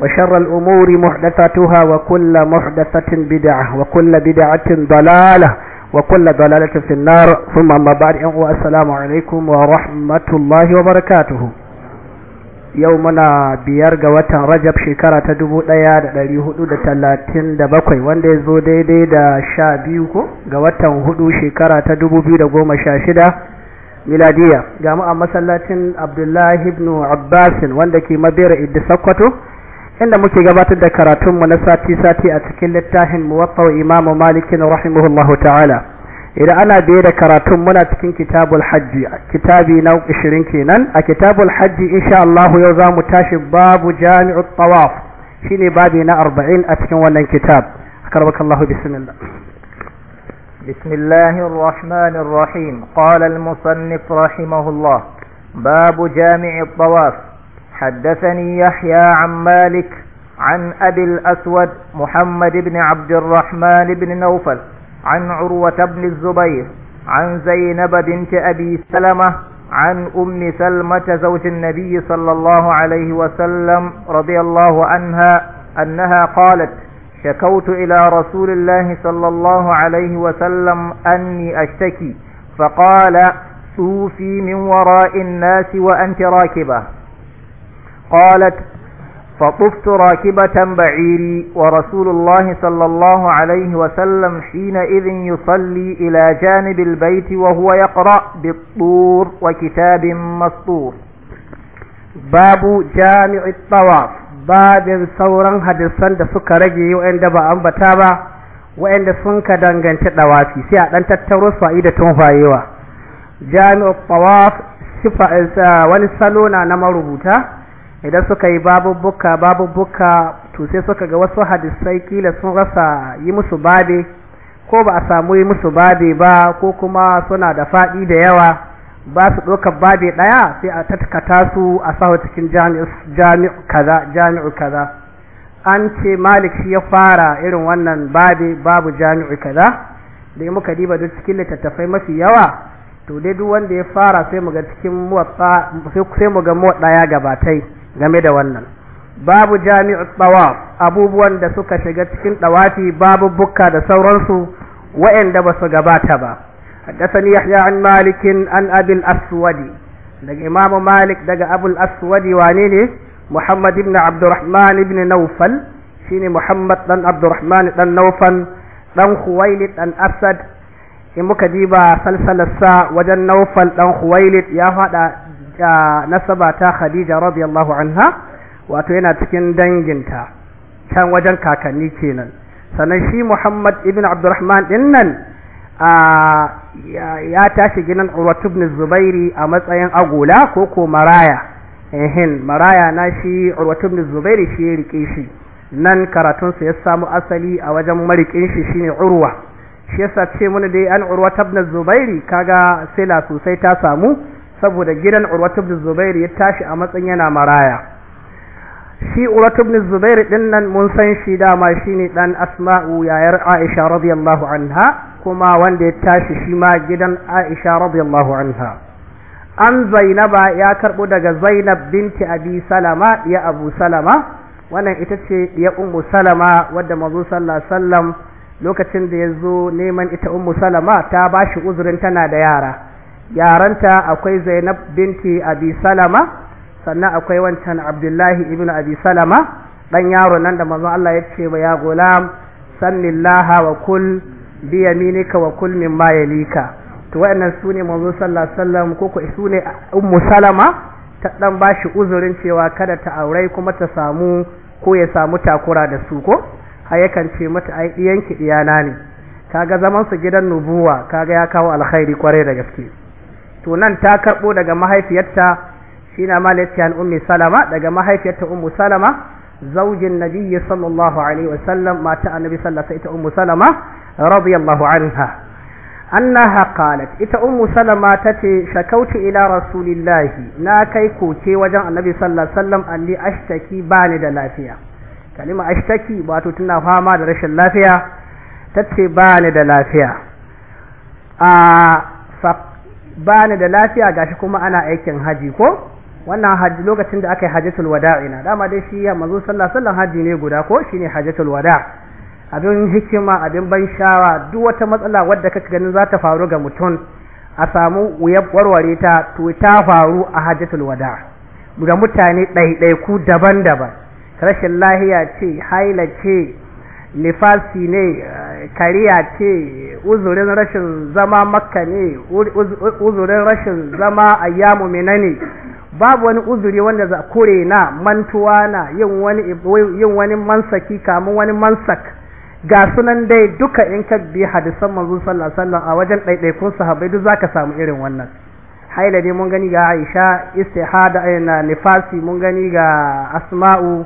وشر الأمور محدثاتها وكل محدثة بدعة وكل بدعة ضلالة وكل ضلالة في النار ثم ما بعد السلام عليكم ورحمة الله وبركاته يومنا biyar ga watan Rajab shekara ta 1437 wanda ya zo daidai da 12 ko ga watan 4 shekara ta shida miladiya ga a masallacin Abdullahi ibnu abbasin wanda ke Mabera Idda Sokoto inda muke gabatar da karatunmu na sati-sati a cikin littafin muwaffaq imamu malikin rahimahullahu ta'ala idan ana biye da karatun muna cikin kitabul hajji kitabi na 20 kenan a kitabul hajji insha Allah yau za mu tashi babu jami'u tawaf shine babi na 40 a cikin wannan kitab akarbakallahu bismillah بسم الله الرحمن الرحيم قال المصنف رحمه الله باب جامع الطواف حدثني يحيى عن مالك عن أبي الأسود محمد بن عبد الرحمن بن نوفل عن عروة بن الزبير عن زينب بنت أبي سلمة عن أم سلمة زوج النبي صلى الله عليه وسلم رضي الله عنها أنها قالت شكوت إلى رسول الله صلى الله عليه وسلم أني أشتكي فقال سوفي من وراء الناس وأنت راكبة قالت فطفت راكبة بعيري ورسول الله صلى الله عليه وسلم حينئذ يصلي إلى جانب البيت وهو يقرأ بالطور وكتاب مسطور باب جامع الطواف باب ثورا حدثا da suka rage wa'anda ba ambata ba wa'anda sun ka danganci dawafi sai a ɗan tattaro su a ida tun fayewa jami'u wani salo na na marubuta idan suka yi babubuka buka to sai suka ga wasu hadisai kila sun rasa yi musu babe ko ba a samu yi musu babe ba ko kuma suna da faɗi da yawa ba su ɗaukar babe ɗaya sai a tatkata su a sahu cikin jami'u kaza jami'u kaza an ce malik shi ya fara irin wannan babe babu jami'u kaza da muka diba duk cikin littattafai mafi yawa to dai duk wanda ya fara sai mu ga cikin muwatsa sai mu ga ya gabatai game da wannan babu jami'u tsawaf abubuwan da suka shiga cikin ɗawafi babu bukka da sauransu wa'anda ba su gabata ba haddathani yahya an malikin an abul aswadi daga imam malik daga abul aswadi wane ne muhammad ibn abdurrahman ibn nawfal shine muhammad dan abdurrahman dan nawfal dan khuwailid dan asad in muka diba salsalarsa wajen naufal dan khuwailid ya faɗa nasaba ta Khadija radiyallahu anha wato yana cikin danginta can wajen kakanni kenan sannan shi Muhammad ibn Abdurrahman din nan ya tashi ginin Urwat ibn Zubairi a matsayin agula ko ko maraya ehin maraya na shi Urwat ibn Zubairi shi ya rike shi nan karatun karatunsa ya samu asali a wajen marikin shi shine Urwa shi yasa ce mun dai an Urwat ibn Zubairi kaga sila sosai ta samu saboda gidan urwatu ibn zubair ya tashi a matsayin yana maraya shi urwatu ibn zubair din nan mun san shi dama shine dan asma'u yayar aisha radiyallahu anha kuma wanda ya tashi shi ma gidan aisha radiyallahu anha an zainaba ya karbo daga zainab binti abi salama ya abu salama wannan ita ce ya ummu salama wadda manzo sallallahu alaihi wasallam lokacin da ya zo neman ita ummu salama ta bashi uzurin tana da yara yaranta akwai Zainab binti Abi Salama sannan akwai wancan Abdullahi ibn Abi Salama dan yaro nan da manzon Allah ya ce ba ya gulam sannillaha wa kul bi yaminika wa kul mimma yalika to wayannan sune manzon sallallahu alaihi wasallam ko ko sune ummu Salama ta dan bashi uzurin cewa kada ta aure kuma ta samu ko ya samu takura da su ko har yakan ce mata ai diyanki diyana ne kaga zaman su gidan nubuwa kaga ya kawo alkhairi kwarai da gaske to nan ta karbo daga mahaifiyarta shine malati an ummi salama daga mahaifiyarta ummu salama zaujin nabiyyi sallallahu alaihi wasallam mata annabi sallallahu alaihi ummu salama radiyallahu anha annaha qalat ita ummu salama tace shakautu ila rasulillahi na kai koke wajen annabi sallallahu alaihi wasallam alli ashtaki bani da lafiya kalima ashtaki wato tana fama da rashin lafiya tace bani da lafiya a ba ni da lafiya gashi kuma ana aikin haji ko wannan haji lokacin da aka yi hajjatul wada'i na dama dai shi mazu sallah sallan haji ne guda ko shine hajjatul wada' abin hikima abin ban shawa duk wata matsala wadda kake ganin za ta faru ga mutum a samu wuya warware ta to ta faru a hajjatul wada' ga mutane ɗaiɗaiku daban-daban rashin lahiya ce haila nifasi ne kariya ce uzurin rashin zama makka ne uzurin rashin zama ayyamu ne babu wani uzuri wanda za kore na mantuwa na yin wani yin wani mansaki kamun wani mansak ga sunan dai duka in ka bi hadisan manzo sallallahu alaihi wasallam a wajen ɗaiɗaikun sahabbai duk zaka samu irin wannan haila ne mun gani ga Aisha istihada eh, na nifasi mun gani ga Asma'u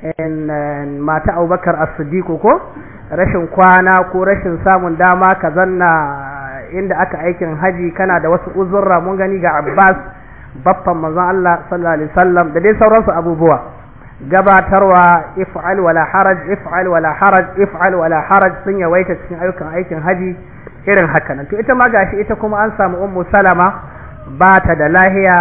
eh, mata Abubakar As-Siddiq ko rashin kwana ko rashin samun dama ka zanna inda aka aikin haji kana da wasu uzurra mun gani ga Abbas baffan manzon Allah sallallahu alaihi wasallam da dai sauransu abubuwa gabatarwa if'al wala haraj if'al wala haraj if'al wala haraj sun yawaita cikin ayyukan aikin haji irin haka nan to ita ma gashi ita kuma an samu ummu salama ba ta da lahiya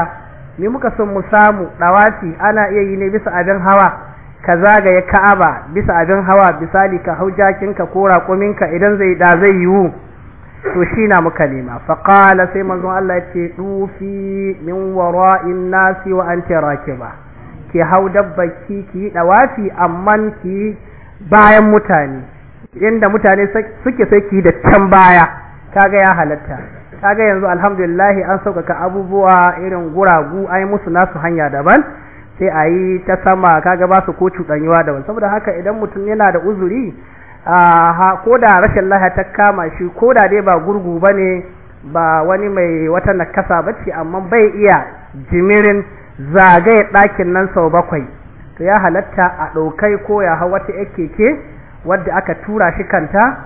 ni muka son mu samu dawati ana iya yi ne bisa abin hawa ka zagaye ka'aba bisa abin hawa bisali ka hau jakinka ko raƙuminka idan zai da zai yiwu to shi na muka nema faƙala sai manzo Allah ya ce ɗufi min wara'in nasi wa an rakiba ki hau dabbaki ki yi ɗawafi amma ki bayan mutane inda mutane suke sai ki da can baya kaga ya halatta kaga yanzu alhamdulillah an sauƙaƙa abubuwa irin guragu ai musu nasu hanya daban sai a yi ta sama kaga ba su ko cuɗanyuwa da wani saboda haka idan mutum yana da uzuri ko da rashin laha ta kama shi ko da dai ba gurgu ba ne ba wani mai wata nakasa ba ce amma bai iya jimirin zagaye ɗakin nan sau bakwai to ya halatta a ɗaukai ko ya hau wata keke wadda aka tura shi kanta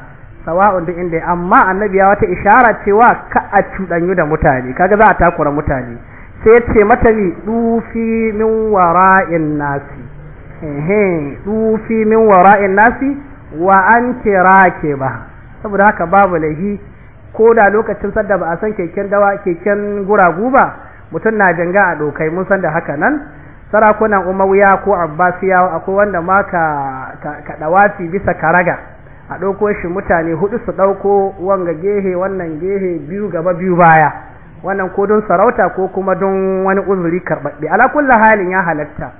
sawa'un duk inda amma annabi ya wata ishara cewa ka a cuɗanyu da mutane kaga za a takura mutane sai ce mata ni dufi min wara'in nasi ehe dufi min wara'in nasi wa an ke ba saboda haka babu lahi ko da lokacin sadda ba a san keken dawa keken guragu ba mutum na janga a dokai mun san da haka nan sarakunan umawiya ko abbasiyawa akwai wanda ma ka ka dawafi bisa karaga a ɗauko shi mutane hudu su ɗauko wanga gehe wannan gehe biyu gaba biyu baya wannan ko don sarauta ko kuma don wani uzuri karɓaɓɓe ala kullu halin ya halatta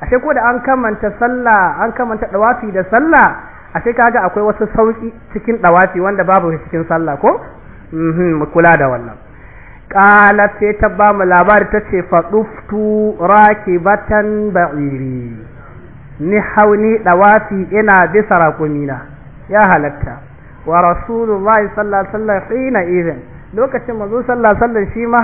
ashe ko da an kamanta sallah an kamanta dawafi da sallah ashe kaga akwai wasu sauki cikin dawafi wanda babu cikin sallah ko mhm mu kula da wannan qala sai ta ba mu labari tace fa duftu rakibatan ba'iri ni hauni dawafi ina bisa rakumina ya halatta wa rasulullahi sallallahu alaihi wasallam hina idan lokacin manzo sallallahu sallar shi ma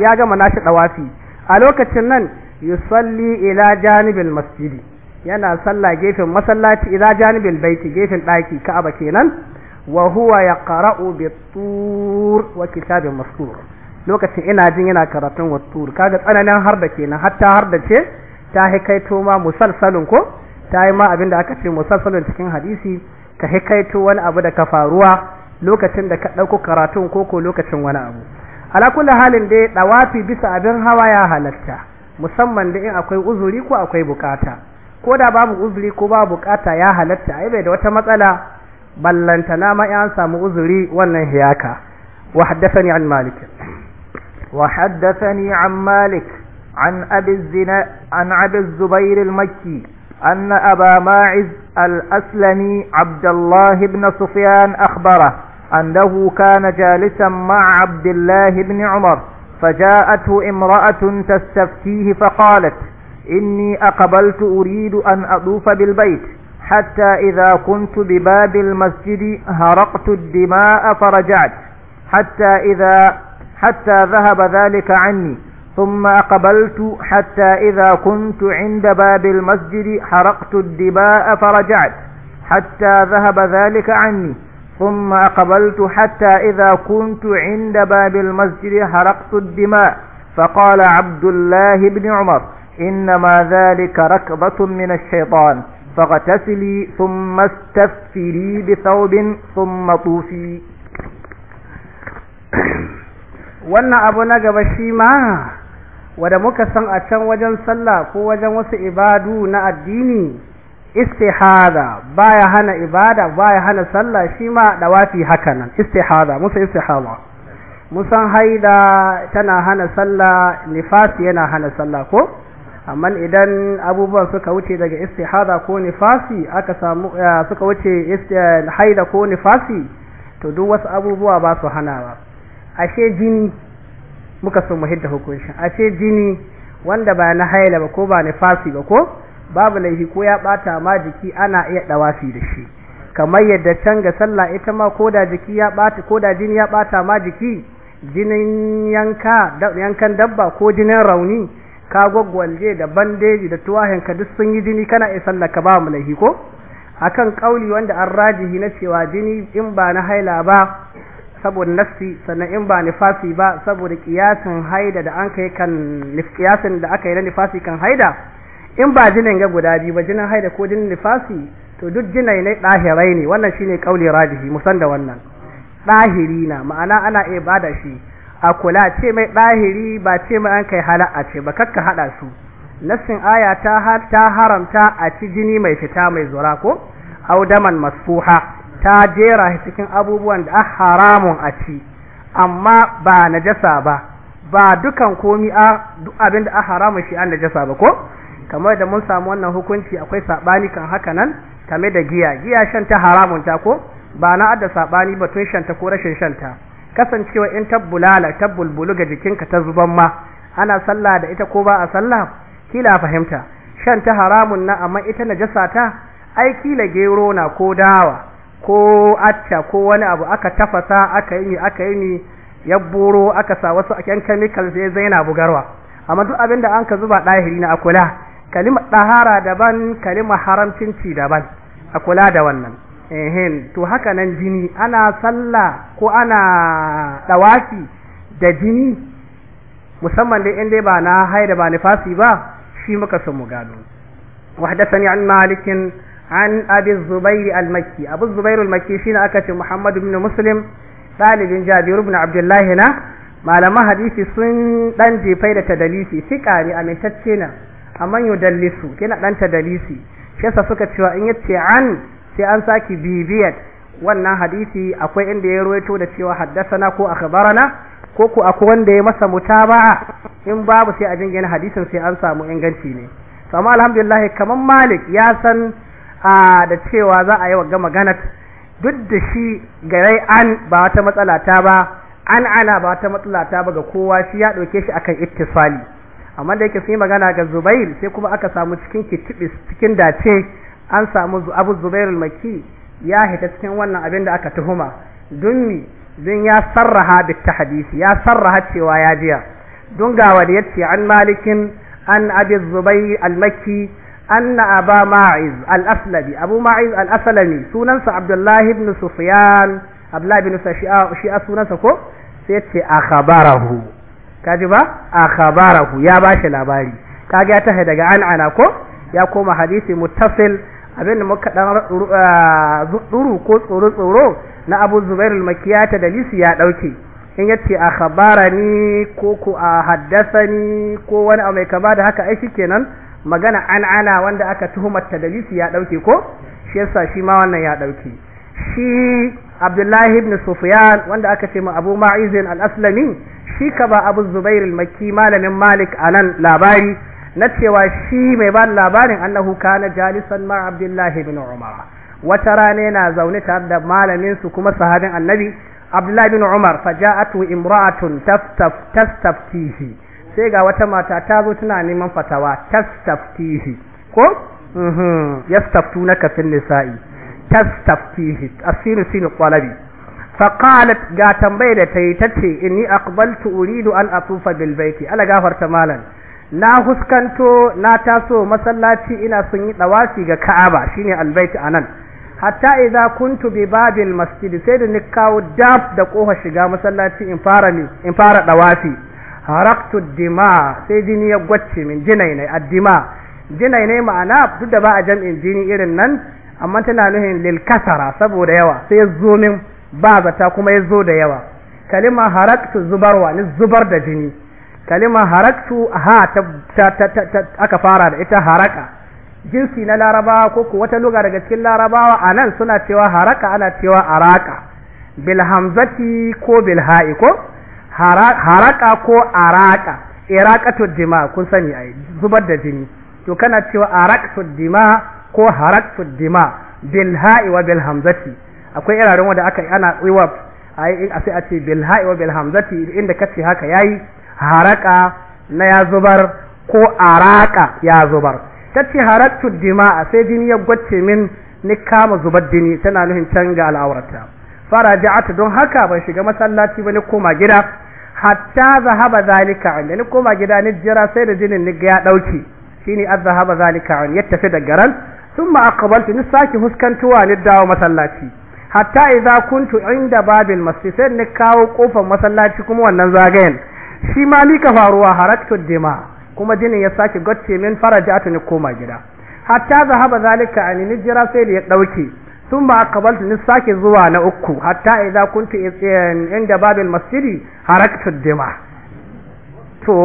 ya gama nashi dawafi a lokacin nan yusalli ila janibil masjidi yana salla gefen masallaci ila janibil baiti gefen daki ka'aba kenan wa huwa yaqra'u bit-tur wa kitabin mastur lokacin ina jin yana karatun wat-tur kaga tsananin har da kenan hatta har da ce ta hikaito ma musalsalun ko ta yi ma da aka ce musalsalun cikin hadisi ka hikaito wani abu da ka faruwa lokacin da ka ɗauko karatun ko ko lokacin wani abu ala kulli halin dai ɗawafi bisa abin hawa ya halatta musamman da in akwai uzuri ko akwai bukata ko da babu uzuri ko babu bukata ya halatta ai bai da wata matsala ballanta na ma an samu uzuri wannan hiyaka wa haddathani an malik wa haddathani an malik an abi zina an abi zubair al-makki أن أبا ماعز الأسلمي عبد الله أنه كان جالسا مع عبد الله بن عمر فجاءته امرأة تستفتيه فقالت إني أقبلت أريد أن أطوف بالبيت حتى إذا كنت بباب المسجد هرقت الدماء فرجعت حتى إذا حتى ذهب ذلك عني ثم أقبلت حتى إذا كنت عند باب المسجد حرقت الدماء فرجعت حتى ذهب ذلك عني ثم أقبلت حتى إذا كنت عند باب المسجد حرقت الدماء فقال عبد الله بن عمر إنما ذلك ركضة من الشيطان فاغتسلي ثم استفري بثوب ثم طوفي wannan abu na gaba shi ma wanda muka san a can wajen sallah ko wajen wasu ibadu na addini istihada baya hana ibada baya hana sallah shi ma dawafi hakanan istihada musa istihada musan haida tana hana sallah nifas yana hana sallah ko amma idan abubuwan suka wuce daga istihada ko nifasi aka samu suka wuce haida ko nifasi to duk wasu abubuwa ba su ba ashe jini muka so mu hidda hukunci ashe jini wanda ba na haila ba ko ba nifasi ba ko babu laifi ko ya bata ma jiki ana iya dawafi da shi kamar yadda can ga sallah ita ma koda jiki ya bata koda jini ya bata ma jiki jinin yanka da yankan dabba ko jinin rauni ka gwaggwalje da bandeji da tuwahin ka duk sun yi jini kana iya sallah ka ba mu laifi ko akan kauli wanda an rajihi na cewa jini in ba na haila ba saboda nafsi sannan in ba nifasi ba saboda kiyasin haida da an kai kan kiyasin da aka yi na nifasi kan haida in ba jinin ga guda biyu ba jinin haida ko jinin nifasi to duk jinai ne ɗahirai ne wannan shine kauli rajihi musan da wannan ɗahiri na ma'ana ana iya bada shi a kula ce mai ɗahiri ba ce mai an kai hala'a ce ba kakka haɗa su nassin aya ta ta haramta a ci jini mai fita mai zura ko audaman masfuha ta jera cikin abubuwan da ah haramun a ci amma ba najasa ba ba dukan komi a duk abin da a ah haramun shi an najasa ba ko kamar da mun samu wannan hukunci akwai sabani kan haka nan game da giya giya shan ta haramun ta ko ba na adda sabani ba tun shanta ko rashin shanta kasancewa in tabbulala tabbulbulu ga jikinka ta zuban ma ana sallah da ita ko ba a sallah kila fahimta shan ta haramun na amma ita najasa ta ai kila gero na ko dawa ko atta ko wani abu aka tafasa aka yi aka yi ya buro aka sa wasu yan chemical sai zaina bugarwa amma duk abinda an ka zuba dahiri na akula kalima ɗahara daban kalima haramcinci daban a kula da wannan to hakanan jini ana sallah ko ana ɗawafi da jini musamman dai inda ba na haida ba nifasi ba shi muka san mu gano wahdathani an malikin an abi zubair al makki abu zubair al makki shine aka ce muhammad ibn muslim ɗalibin jabir ibn Abdullahi na malama hadisi sun dan jefai da tadalisi fiqari amintacce na amman yudallisu kina dan tadalisi shi yasa suka cewa in yace an sai an saki bibiyat wannan hadisi akwai inda ya ruwaito da cewa na ko akhbarana ko ko akwai wanda ya masa mutaba'a in babu sai a jingina hadisin sai an samu inganci ne to amma alhamdulillah kaman malik ya san da cewa za a yi wa gama ganat duk da shi garai an ba wata matsala ta ba an ana ba wata matsala ta ba ga kowa shi ya dauke shi akan ittifali amma da yake sun yi magana ga Zubair sai kuma aka samu cikin kitibis cikin dace an samu Abu Zubair al-Makki ya hita cikin wannan abin da aka tuhuma don mi ya sarraha bit hadisi ya sarraha cewa ya jiya dunga ga wani yace an malikin an abi Zubair al-Makki أن أبا ماعز الأسلمي أبو ماعز الأسلمي سننس عبد الله بن سفيان عبد الله بن سفيان ko sai yace kaji ba a khabarahu ya bashi labari kaga ya hai daga an'ana ko ya koma hadisi muttasil abin da muka dan duru ko tsoro tsoro na Abu Zubair al-Makiyata da Lisi ya dauke in yace a khabarani ko ko a haddasani ko wani mai kaba da haka ai shikenan magana an'ana wanda aka tuhumar ta da ya dauke ko shi yasa shi ma wannan ya dauke shi Abdullahi ibn Sufyan wanda aka ce ma Abu Ma'izin al-Aslami shi ka ba abu zubair maki malamin malik anan labari na cewa shi mai ba labarin annahu kana jalisan ma abdullahi bin umar wata rana yana zaune tare da malamin su kuma sahabin annabi abdullahi bin umar faja'atu imra'atun taftaf tastaftihi sai ga wata mata ta zo tana neman fatawa tastaftihi ko mhm yastaftunaka fil nisa'i tastaftihi asiru sinu qalabi faqalat ga tambayar da tayi tace in yi uridu an atufa bilbaiki baiti ala malam na huskanto na taso masallaci ina sun yi dawafi ga Ka'aba shine al a nan. hatta idza kuntu bi babil masjid sai da nikawo dab da kofa shiga masallaci in fara ni in fara haraktu dima sai jini ya gwacce min jinai ne addima jinai ne ma'ana duk da ba a jam'in jini irin nan amma tana nuhin lilkasara saboda yawa sai zo ba zata kuma ya zo da yawa kalima haraktu zubarwa ni zubar da jini kalima haraktu ha ta, ta, aka fara da ita haraka jinsi na larabawa ko ku wata luga daga cikin larabawa a nan suna cewa haraka ana cewa araka bilhamzati ko bilha'i ko haraka ko araka iraqatu dima kun sani ai zubar da jini to kana cewa araqatu dima ko to dima bilha'i wa bilhamzati. akwai iraren wanda aka ana iwa a sai a ce bil wa bilhamzati inda kace haka yayi haraka na ya zubar ko araka ya zubar tace haraktu dima'a sai jini ya gwace min ni kama zubar jini tana nuhin canga al'aurata ja'ata don haka ban shiga masallaci ba ni koma gida hatta zahaba zalika an ni koma gida ni jira sai da jinin ni ya dauke shine azhaba zalika an ya tafi da garan thumma aqbaltu ni saki huskantuwa ni dawo masallaci hatta idza kuntu inda babil masjid sai ne kawo kofar masallaci kuma wannan zagayen shi ma ni ka faruwa haratu dima kuma jinin ya sake gocce min farajatu ni koma gida hatta zahaba zalika an ni jira sai da ya dauke sun ba kabaltu ni sake zuwa na uku hatta idza kuntu inda babil masjid haratu dima to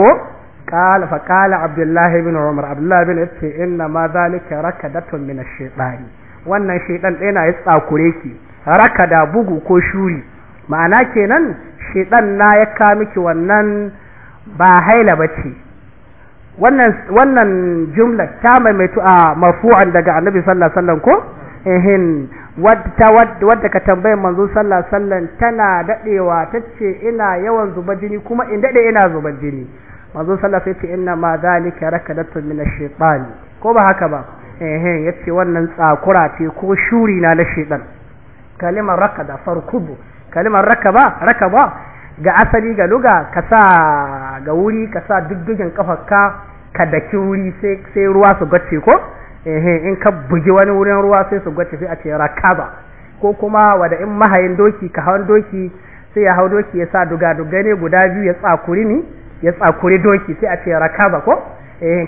قال فقال عبد الله بن عمر عبد الله بن عمر انما ذلك ركدة من الشيطان wannan الشيطان دينا na ya rakada bugu ko shuri ma'ana kenan shedan na ya ka miki wannan ba haila bace wannan wannan jumla ta maimaitu a marfu'an daga annabi sallallahu alaihi wasallam ko ehin wadda wadda ka tambaye manzo sallallahu alaihi wasallam tana dadewa tace ina yawan zuba jini kuma in dade ina zuba jini manzo sallallahu alaihi wasallam inna ma zalika rakadatun min ash-shaytan ko ba haka ba ehin yace wannan tsakura ce ko shuri na na shaytan kalimar rakada farkubu kalimar rakaba rakaba ga asali ga luga ka sa ga wuri ka sa diddigin kafarka ka daki wuri sai ruwa su gace ko in ka bugi wani wurin ruwa sai su gace sai a ce rakaba ko kuma wada in mahayin doki ka hawan doki sai ya hau doki ya sa duga duga ne guda biyu ya tsakuri ni ya tsakuri doki sai a ce rakaba ko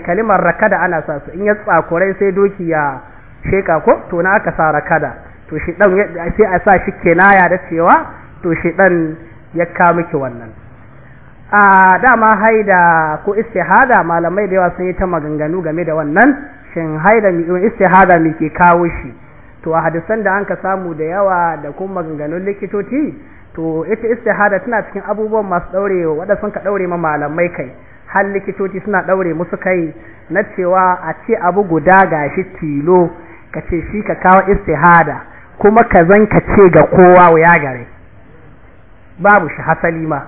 kalimar rakada ana sa su in ya tsakurai sai doki ya sheka ko to na aka sa rakada to shi dan sai a sa shi kenaya da cewa to shi dan ya ka miki wannan a dama haida ko istihada malamai da yawa sun yi ta maganganu game da wannan shin haida mi istihada mi ke kawo shi to a hadisan da anka samu da yawa da kuma maganganun likitoci to ita istihada tana cikin abubuwan masu daurewa wanda sun ka daure ma malamai kai har likitoci suna daure musu kai na cewa a ce abu guda gashi tilo ka ce shi ka kawo istihada kuma ka zan ka ce ga kowa ya gare babu shi hasali ma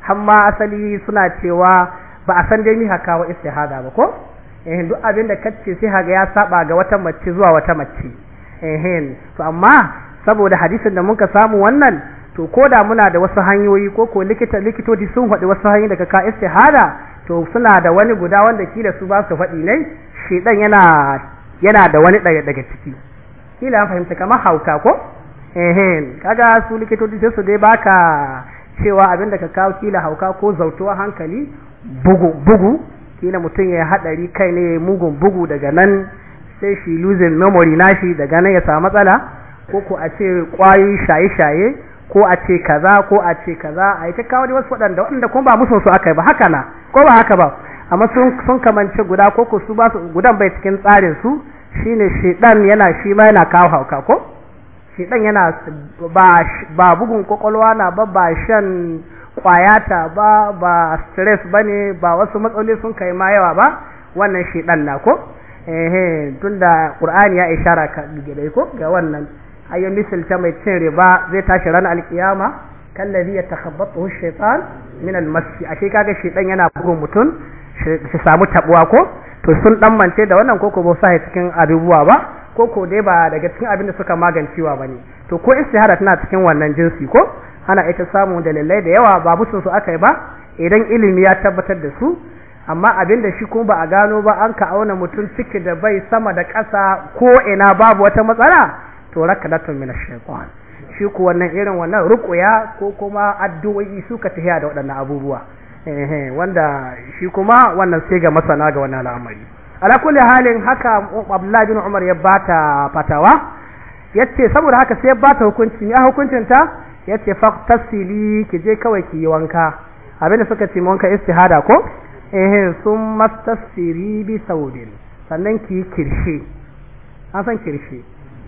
hamma asali suna cewa ba a san dai mi haka wa istihada ba ko ehin duk abin da kace sai haga ya saba ga wata mace zuwa wata mace ehin to amma saboda hadisin da muka samu wannan to ko da muna da wasu hanyoyi ko ko likitoci sun faɗi wasu hanyoyi daga ka istihada to suna da wani guda wanda kila su ba su faɗi ne shedan yana yana da wani ɗaya daga ciki kila an fahimta kamar hauka ko ehem kaga su likitoci sai su dai baka cewa abin da ka kawo kila hauka ko zautuwa hankali bugu bugu kila mutum ya hadari kai ne mugun bugu daga nan sai shi losing memory nashi daga nan ya samu matsala ko ko a ce kwayoyi shaye-shaye ko a ce kaza ko a ce kaza a yi ta kawo da wasu waɗanda waɗanda kuma ba musu su aka yi ba haka na ko ba haka ba amma sun sun kamance guda ko ko su ba su gudan bai cikin tsarin su Shi ne shedan yana shi ma yana kawo hauka ko shedan yana ba bugun kwakwalwa na ba ba shan kwayata ba ba stress ba ne ba wasu matsaloli sun kai ma yawa ba wannan shedan na ko eh tunda ƙur'ani ya ishara ka gidai ko ga wannan ayyo misalta mai cin riba zai tashi ranar alkiyama kallazi yatakhabbathu ash-shaytan min minan mas ashe kaga shedan yana bugun mutum su samu taɓuwa ko to sun mance da wannan koko ba sa cikin abubuwa ba koko dai ba daga cikin abin da suka magancewa ba ne to ko istihara tana cikin wannan jinsi ko ana ita samun dalilai da yawa ba musu su aka yi ba idan ilimi ya tabbatar da su amma abin da shi kuma ba a gano ba an ka auna mutum ciki da bai sama da ƙasa ko ina babu wata matsala to rakadatun min ash-shaytan shi ku wannan irin wannan ruqya ko kuma addu'o'i suka tafiya da waɗannan abubuwa wanda shi kuma wannan sai ga masana ga wannan al'amari ala kulli halin haka Abdullahi bin Umar ya bata fatawa yace saboda haka sai ya bata hukunci ne a hukuncin ta yace fa tasili ki je kawai ki wanka abinda suka ce wanka istihada ko eh sun mastasiri bi saudin sannan ki kirshe an san kirshe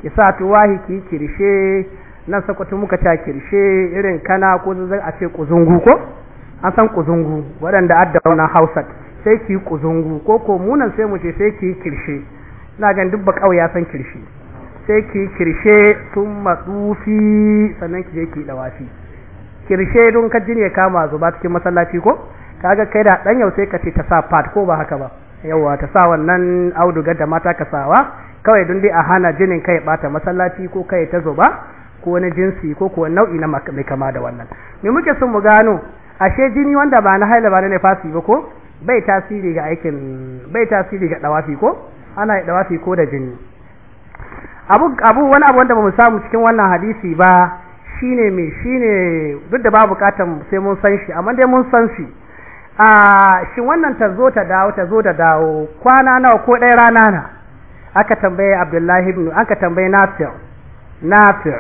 ki sa tuwahi ki kirshe nan sakwato muka ta kirshe irin kana ko zan a ce kuzungu ko an san kuzungu waɗanda adda wannan hausa sai ki kuzungu ko ko munan sai mu ce sai ki kirshe ina gan dubba kawai ya san kirshe sai ki kirshe sun matsufi sannan ki je ki dawafi kirshe don ka jini ya kama zuba cikin masallaci ko kaga kai da dan yau sai ka ce ta sa pad ko ba haka ba yawa ta sa wannan auduga da mata ka sawa kawai don dai a hana jinin kai bata masallaci ko kai ta zuba ko wani jinsi ko kuwa nau'i na mai kama da wannan me muke son mu gano ashe jini wanda ba na haila ba ne fasi ba ko bai tasiri ga aikin bai tasiri ga dawafi ko ana dawafi ko da jini abu abu wani abu wanda bamu samu cikin wannan hadisi ba shine me shine duk da ba bukatan sai mun san shi amma dai mun san shi a shi wannan ta zo ta dawo ta zo da dawo kwana nawa ko ɗaya rana na aka tambaye Abdullahi ibn aka tambaye Nafi' Nafi'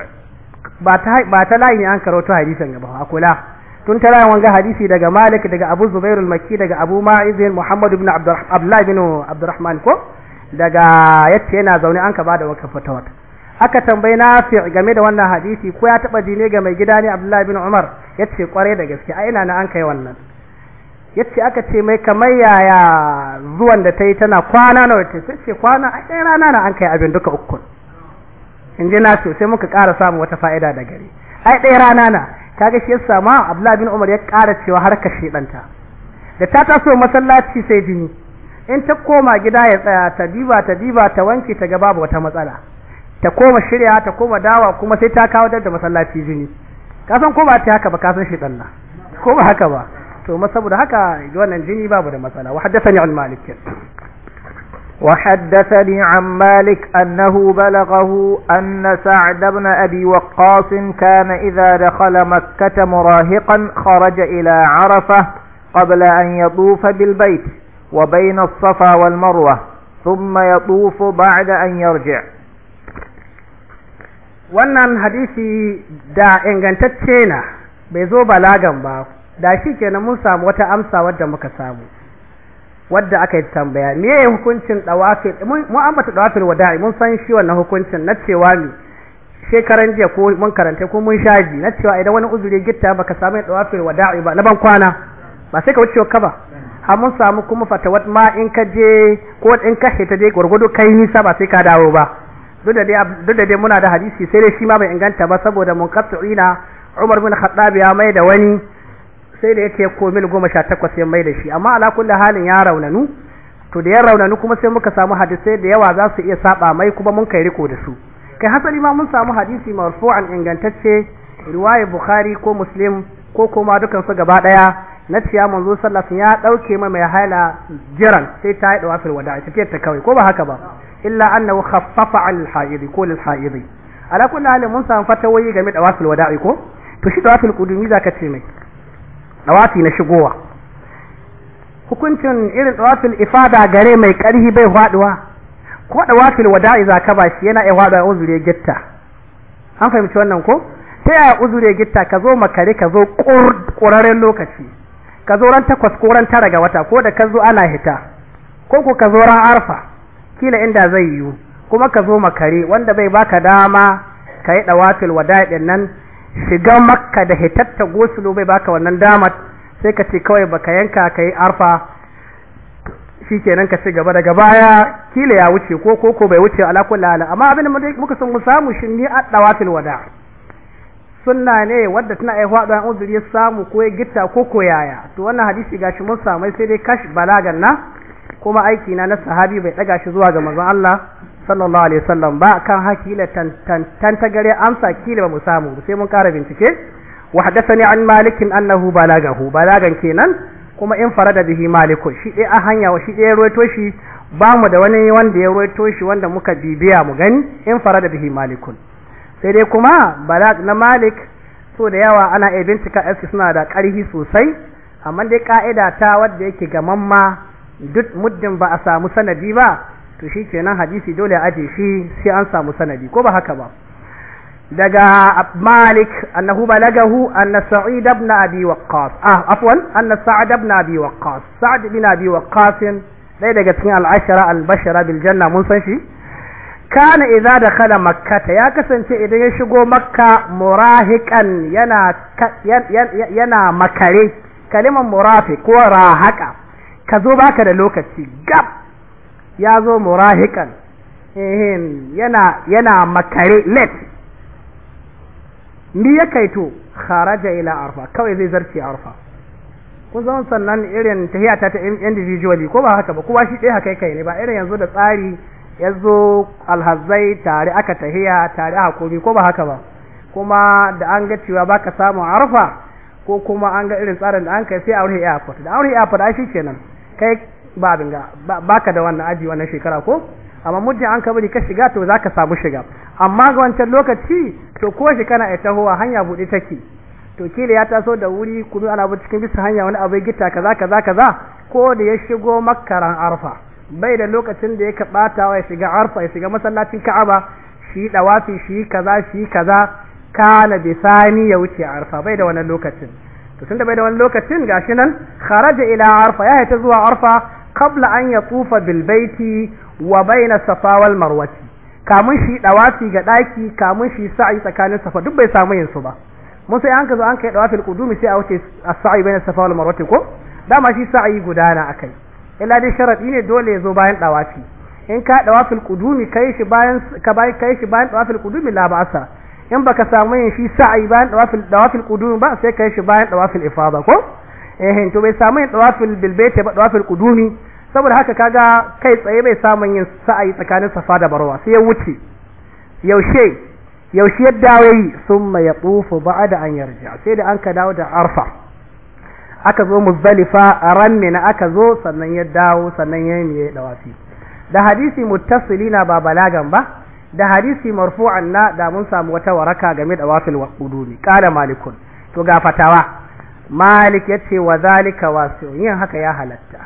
ba ta ba ta layin an karoto hadisin gaba akula tun yawan wanga hadisi daga Malik daga Abu Zubair al-Makki daga Abu Ma'iz Muhammad ibn Abdullah ibn Abdurrahman ko daga yace yana zaune an ka bada waka fatawa aka tambayi Nafi' game da wannan hadisi ko ya taba jine ga mai gida ne Abdullah ibn Umar yace kware da gaske a ina na an kai wannan yace aka ce mai kamar yaya zuwan da ta yi tana kwana nawa sai ce kwana a ɗaya rana na an kai abin duka uku in ji Nafi' sai muka ƙara samun wata fa'ida da gare ai ɗaya rana na kaga shi yasa ma Abdullah bin Umar ya ƙara cewa har ka shedanta da ta taso masallaci sai jini in ta koma gida ya tsaya ta diba ta diba ta wanke ta ga babu wata matsala ta koma shirya ta koma dawa kuma sai ta kawo da masallaci jini ka san ko ba ta haka ba ka san shedan na ko ba haka ba to ma saboda haka wannan jini babu da matsala wa haddathani al-malik وحدثني عن مالك أنه بلغه أن سعد بن أبي وقاص كان إذا دخل مكة مراهقا خرج إلى عرفة قبل أن يطوف بالبيت وبين الصفا والمروة ثم يطوف بعد أن يرجع wannan hadisi da ingantacce na bai zo balagan ba da shi kenan mun samu wata amsa wadda muka samu wadda aka yi tambaya me ya hukuncin dawafir mu ambata dawafir wada'i mun san shi wannan hukuncin na cewa ne shekaran jiya ko mun karanta ko mun shaji na cewa idan wani uzuri gitta baka samu dawafir wada'i ba na ban kwana ba sai ka wuce ka ba har mun samu kuma fatawat ma in ka je ko in ka ta je gurgudu kai nisa ba sai ka dawo ba duk da dai da muna da hadisi sai dai shi ma bai inganta ba saboda munqati'ina Umar bin Khattab ya mai da wani sai da yake ko mil goma sha takwas ya mai da shi amma ala kullu halin ya raunanu to da ya raunanu kuma sai muka samu hadisai da yawa za su iya saba mai kuma mun kai riko da su kai hasali ma mun samu hadisi marfu'an ingantacce riwaya bukhari ko muslim ko kuma dukan su gaba daya na ciya manzo sallallahu ya dauke mai mai haila jiran sai ta yi dawafil wada'i tafiyar ta kawai ko ba haka ba illa annahu khaffafa al haidi ko lil haidi ala kullu halin mun samu fatawayi game da dawafil wada'i ko to shi dawafil qudumi zaka ce mai dawafi na shigowa hukuncin irin dawafil ifada gare mai karhi bai faduwa ko dawafil wada'i za ka bashi yana iya faduwa uzuri gitta an fahimci wannan ko ta yaya uzuri gitta ka zo makare ka zo ƙurarren lokaci ka zo ran takwas ko ran tara ga wata ko da ka zo ana hita ko ko ka zo ran arfa kila inda zai yiwu kuma ka zo makare wanda bai baka dama ka yi dawafil wada'i nan shiga makka da hitatta gosulo bai baka wannan dama sai ka ce kawai baka yanka ka yi arfa shi kenan ka ci gaba daga baya kila ya wuce ko ko ko bai wuce ala kulli amma abin da muka sun samu shi ni a dawatul wada sunna ne wadda tana ai an uzuri ya samu ko ya gitta ko ko yaya to wannan hadisi gashi mun samu sai dai kash balagan na kuma aiki na na sahabi bai daga shi zuwa ga manzon Allah sallallahu alaihi wasallam ba kan hakila tan gare amsa kila ba mu samu sai mun kara bincike wa hadathani an malikin annahu balagahu balagan kenan kuma in farada bihi maliku shi dai a hanya wa shi dai ruwaito shi ba mu da wani wanda ya ruwaito shi wanda muka bibiya mu gani in farada bihi malikun sai dai kuma balag na malik so da yawa ana iya bincika aski suna da karhi sosai amma dai ka'ida ta wadda yake gamamma duk muddin ba a samu sanadi ba to shi kenan hadisi dole aje shi sai an samu sanadi ko ba haka ba daga malik annahu balagahu anna sa'id ibn abi waqqas ah afwan anna sa'd ibn abi waqqas sa'd ibn abi waqqas dai daga cikin al-ashara al-bashara bil janna mun san shi kana idza dakhala makkata ya kasance idan ya shigo makka murahiqan yana yana makare kalimar murafi ko rahaka ka zo baka da lokaci gab ya zo murahikan yana yana makare let ni ya kaito kharaja ila arfa kawai zai zarce arfa kun zama sannan irin tahiyata ta individually ko ba haka ba kowa shi dai haka kai ne ba irin yanzu da tsari ya zo alhazai tare aka tahiya tare aka komi ko ba haka ba kuma da an ga cewa baka samu arfa ko kuma an ga irin tsarin da an kai sai aure airport da aure airport ai kenan kai ba abin baka da wannan aji wannan shekara ko amma muddin an kabari ka shiga to zaka samu shiga amma ga wancan lokaci to ko shi kana ita a hanya buɗe take to kila ya taso da wuri kuma ana bu cikin bisa hanya wani abai gita kaza kaza kaza ko da ya shigo makkaran arfa bai da lokacin da ya kabata ya shiga arfa ya shiga masallacin ka'aba shi dawafi shi kaza shi kaza kana sani ya wuce arfa bai da wannan lokacin to tunda bai da wani lokacin gashi nan kharaja ila arfa ya ta zuwa arfa qabla an ya bil baiti wa baina safa wal marwati kamun shi dawafi ga daki kamun shi sa'i tsakanin safa duk bai samu yin su ba mun sai an ka zo an kai dawafil qudumi sai a wuce as-sa'i baina safa wal marwati ko dama shi sa'i gudana akai illa dai sharadi ne dole ya zo bayan dawafi in ka dawafil qudumi kai shi bayan ka bai kai shi bayan dawafil qudumi la ba'asa in baka samu yin shi sa'i bayan dawafil dawafil qudumi ba sai kai shi bayan dawafil ifada ko eh to bai samu yin tawafil bil ba tawafil qudumi saboda haka kaga kai tsaye bai samun yin sa'ayi tsakanin safa da barwa sai ya wuce yaushe yaushe ya dawo yi ba yatufu ba'da an yarja sai da an ka dawo da arfa aka zo muzdalifa na aka zo sannan ya dawo sannan ya yi dawafi da hadisi muttasili na ba balagan ba da hadisi marfu'an na da mun samu wata waraka game da wafil udumi qala malikun to ga fatawa malik ya ce wa zalika yin haka ya halatta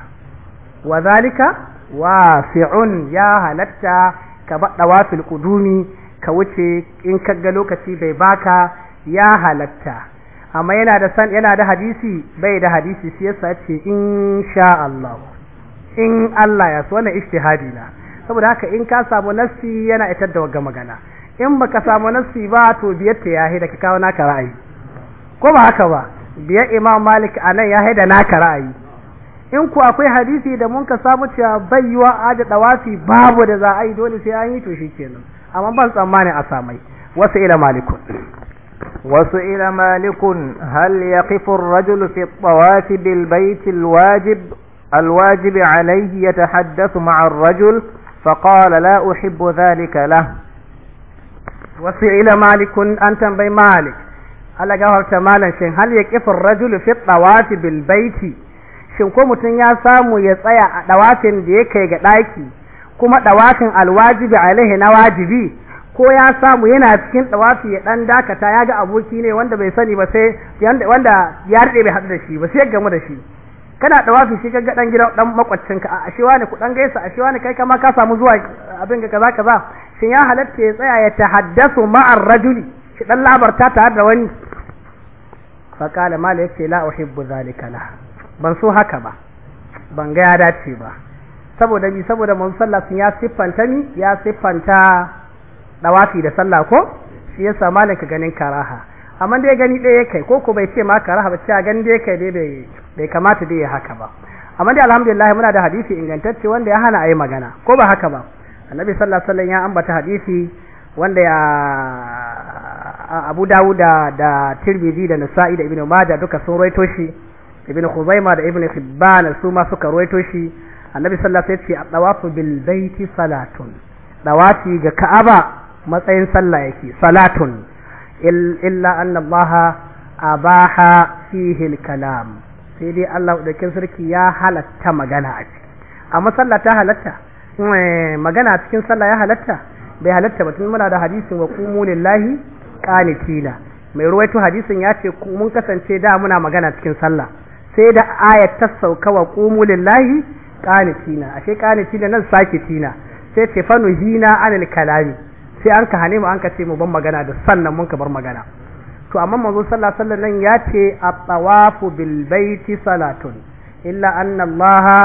wa zalika wasi'un ya halatta ka baɗa wafil kudumi ka wuce in kaga lokaci bai baka ya halatta amma yana da san yana da hadisi bai da hadisi shi yasa ce insha Allah in Allah ya so wannan ijtihadi na saboda haka in ka samu nassi yana itar da wagga magana in baka samu nassi ba to biyar ta yahi da ka kawo naka ra'ayi ko ba haka ba biya imam malik anan ya haida naka ra'ayi in ku akwai hadisi da mun ka samu cewa bayyuwa aje dawasi babu da za a yi dole sai an yi to shikenan amma ban tsammani a samai wasu ila malikun وسئل مالك هل يقف الرجل في الطواف بالبيت الواجب الواجب عليه يتحدث مع الرجل la uhibbu dhalika ذلك wasu ila مالك أن تنبي malik Allah gafarta malam shin hal ya kifin rajulu fi tawafi bil baiti shin ko mutum ya samu ya tsaya a dawafin da ya kai ga daki kuma dawafin alwajibi alaihi na wajibi ko ya samu yana cikin dawafi ya dan dakata ya ga aboki ne wanda bai sani ba sai wanda ya rike bai hadu da shi ba sai ya gamu da shi kana dawafi shi ga dan gidan dan makwacin ka a shewa ne ku dan gaisa a shewa ne kai kama ka samu zuwa abin ga kaza kaza shin ya halatta ya tsaya ya tahaddasu ma'ar rajuli ki dan labarta tare da wani fa kala ya yace la uhibbu zalika la ban so haka ba ban ga ya dace ba saboda bi saboda mun sallah sun ya siffanta ni ya siffanta dawafi da sallah ko shi yasa malaka ganin karaha amma dai gani ɗaya kai ko ko bai ce ma karaha ba ce gani dai kai dai bai kamata dai ya haka ba amma dai alhamdulillah muna da hadisi ingantacce wanda ya hana ayi magana ko ba haka ba annabi sallallahu alaihi wasallam ya ambata hadisi wanda ya Abu Dawud da Tirmidhi da Nasa'i da Ibn Majah duka sun rawaito shi Ibn Khuzaimah da Ibn Hibban su ma suka rawaito shi Annabi sallallahu alaihi wasallam ya ce dawafu bil baiti salatun dawafi ga Ka'aba matsayin sallah yake salatun illa anna Allah abaha fihi al kalam sai dai Allah da kin sarki ya halatta magana a ciki amma sallah ta halatta eh, magana cikin sallah ya halatta bai halatta ba tun muna da hadisin wa qumu lillahi qanitina mai ruwaito hadisin ya ce mun kasance da muna magana cikin sallah sai da ayat ta sauka wa qumu lillahi qanitina ashe qanitina nan sakitina sai ce fanu hina anil kalami sai an ka hane mu an ka ce mu ban magana da sannan mun ka bar magana to amma manzo sallallahu alaihi wasallam nan ya ce at-tawafu bil baiti salatun illa anna allaha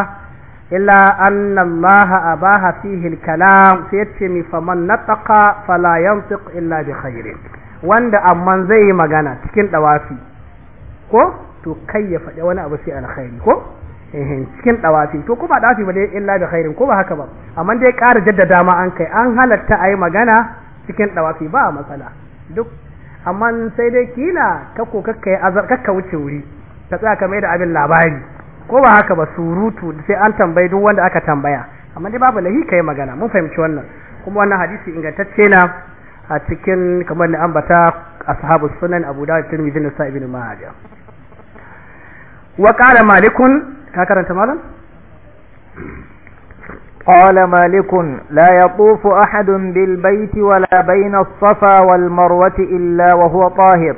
illa anna Allah abaha fihi al-kalam sai faman nataqa fala yantiq illa bi khairin wanda amman zai yi magana cikin dawafi ko to kai ya faɗi wani abu sai alkhairi ko cikin dawafi to kuma dawafi ba dai illa bi khairin ko ba haka ba amma dai ƙara jaddada ma an kai an halatta a yi magana cikin dawafi ba matsala duk amma sai dai kila kako kakka ya azar kakka wuce wuri ka tsaya ka mai da abin labari ko ba haka ba surutu sai an tambayi duk wanda aka tambaya amma dai babu lahi ka yi magana mun fahimci wannan kuma wannan hadisi ingantacce na a cikin kamar da ambata ashabu sunan abu da tirmidhi da sa ibn majah wa qala malikun ka karanta malam قال مالك لا يطوف أحد بالبيت ولا بين الصفا والمروة إلا وهو طاهر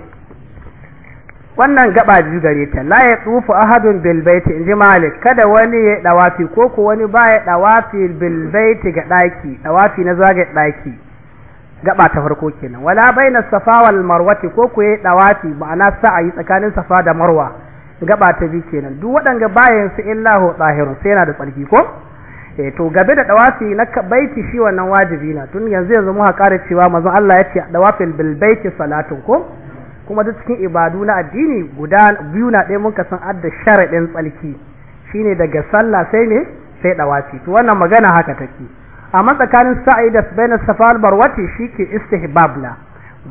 wannan gaba ji gare ta la ya tsufu ahadun bil baiti inji malik kada wani ya dawafi ko ko wani ba ya dawafi bil baiti ga daki dawafi na zage daki gaba ta farko kenan wala baina safa wal marwati ko ku yi dawati ma'ana sa'ayi tsakanin safa da marwa gaba ta bi kenan duk waɗanga bayan su illahu zahiru sai yana da tsarki ko eh to gabe da dawafi na baiti shi wannan wajibi na tun yanzu yanzu muka ƙara cewa manzon Allah ya ce dawafil bil baiti salatun ko kuma duk cikin ibadu na addini guda biyu na ɗaya muka san adda sharaɗin tsarki shine daga sallah sai ne sai dawafi to wannan magana haka take amma tsakanin sa'i da bainas shi barwati shike istihbab na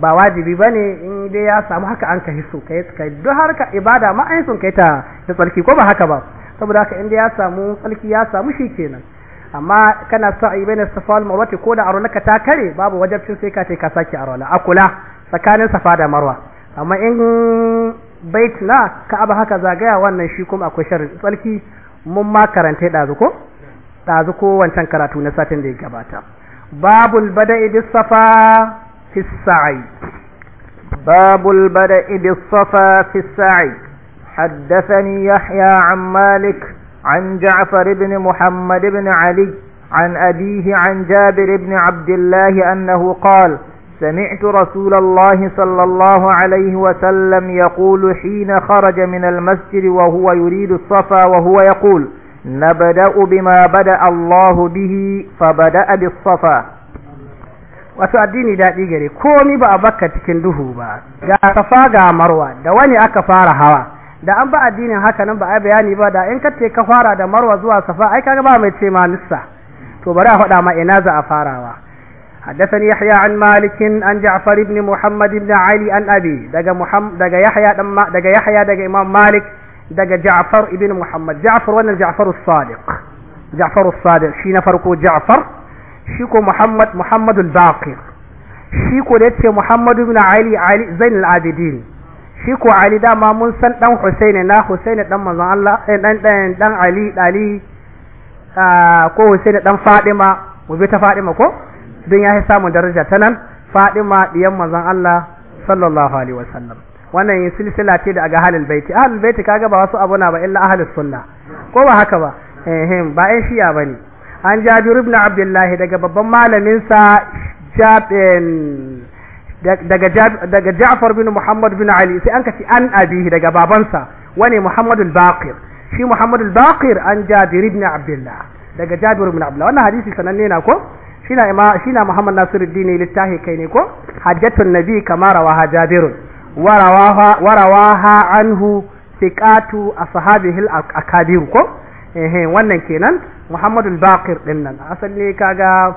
ba wajibi bane in dai ya samu haka an ka so kai kai duk harka ibada ma ai sun kai ta da tsarki ko ba haka ba saboda haka in dai ya samu tsarki ya samu kenan amma kana sa'i bainas safa barwati ko da arwala ka ta kare babu wajibcin sai ka ce ka saki arwala akula tsakanin safa da marwa amma in bait na ka'aba haka zagaya wannan shi kuma akwai sharri tsarki mun ma karanta dazu ko tazu ko wancan karatu na satin da ya gabata babul bada'i bis safa fi sa'i babul bada'i حدثني يحيى عن مالك عن جعفر بن محمد بن علي عن أبيه عن جابر بن عبد الله أنه قال سمعت رسول الله صلى الله عليه وسلم يقول حين خرج من المسجد وهو يريد الصفا وهو يقول نبدأ بما بدأ Allah bihi fa bada'a wato addini daɗi gare komi ba a baka cikin duhu ba ga safa ga marwa da wani aka fara hawa da an ba addinin haka nan ba a bayani ba da in kace ka fara da marwa zuwa safa ai kaga ba mai ce ma lissa to bari a faɗa ma ina za a farawa حدثني يحيى عن an عن جعفر بن محمد بن علي عن أبي دقى, محمد دقى يحيى daga يحيى دقى daga Ja'far ibn Muhammad Ja'far wannan Ja'far as-Sadiq Ja'far as-Sadiq shi na farko Ja'far shi ko Muhammad Muhammad al-Baqir shi ko da yace Muhammad ibn Ali Ali Zain al-Abidin shi ko Ali ma mun san dan Husaini na Husaini dan manzon Allah eh dan dan dan Ali Ali ah, ko Husaini dan Fadima mu bi ta Fadima ko don ya samu daraja ta nan Fadima diyan manzon Allah sallallahu alaihi wasallam wannan silsila ce daga halin baiti halin baiti kaga ba wasu abuna ba illa ahlus sunna ko ba haka ba eh ba ai shiya bane an jabir ibn abdullah daga babban malamin sa jabin daga daga ja'far bin muhammad bin ali sai an kace an abihi daga babansa muhammad al baqir shi al baqir an jabir ibn abdullah daga jabir ibn abdullah wannan hadisi sananne na ko na ima na muhammad nasiruddin littahi kai ne ko hajjatun nabi kama wa jabirun warawaha anhu siqatu ashabihi al-akabir ko eh wannan kenan Muhammad al-Baqir dinnan asali ne kaga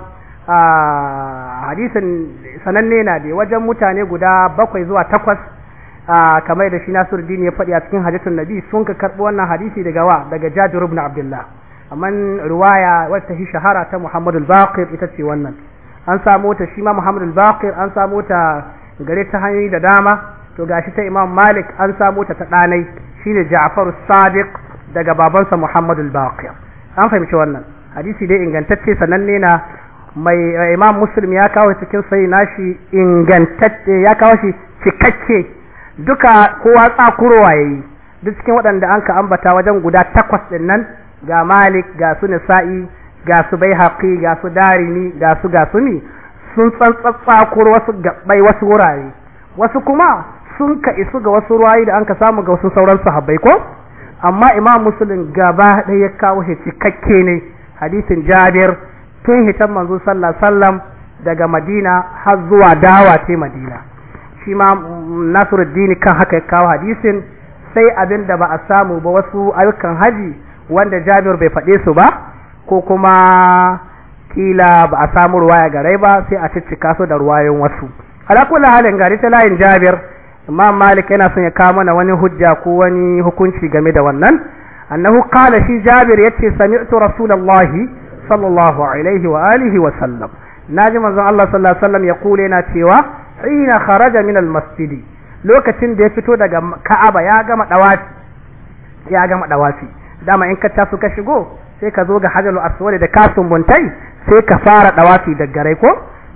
hadisin sananne na da wajen mutane guda bakwai zuwa takwas kamar da shi Nasiruddin ya faɗi a cikin hadisin Nabi sun ka karɓi wannan hadisi daga wa daga Jabir ibn Abdullah amma riwaya wata shi shahara ta Muhammad al-Baqir ita ce wannan an samu ta shi ma Muhammad al-Baqir an samu ta gare ta hanyoyi da dama to gashi ta Imam Malik an samu ta ta ɗanai shine Ja'far Sadiq daga babansa Muhammad al-Baqir an fahimci wannan hadisi dai ingantacce sananne na mai eh, Imam Muslim ya kawo cikin sai nashi ingantacce ya kawo shi cikakke duka kowa tsakurowa yayi duk cikin waɗanda an ka ambata wajen guda takwas ɗin nan ga Malik ga su Nisa'i ga su Baihaqi ga su Darimi ga su ga su ni sun tsantsatsa wasu gabbai wasu wurare wasu kuma sun ka isu ga wasu ruwayi da an ka samu ga wasu sauran sahabbai ko amma imam muslim gaba ɗaya ya kawo shi cikakke ne hadisin jabir tun hitan manzo sallallahu alaihi wasallam daga madina har zuwa dawa ce madina shi ma nasruddin kan haka ya kawo hadisin sai abinda ba a samu ba wasu ayyukan haji wanda jabir bai faɗe su ba ko kuma kila ba a samu ruwaya garai ba sai a ciccika su da ruwayoyin wasu ala kullu halin gari ta layin jabir amma malik yana son ya kawo mana wani hujja ko wani hukunci game da wannan annahu qala shi jabir yace sami'tu rasulullahi sallallahu alaihi wa alihi wa sallam naji manzon Allah sallallahu alaihi wasallam ya kula yana cewa hina kharaja min almasjid lokacin da ya fito daga ka'aba ya gama dawafi ya gama dawafi dama in ka taso ka shigo sai ka zo ga hajarul aswad da kasum buntai sai ka fara dawafi da gare ko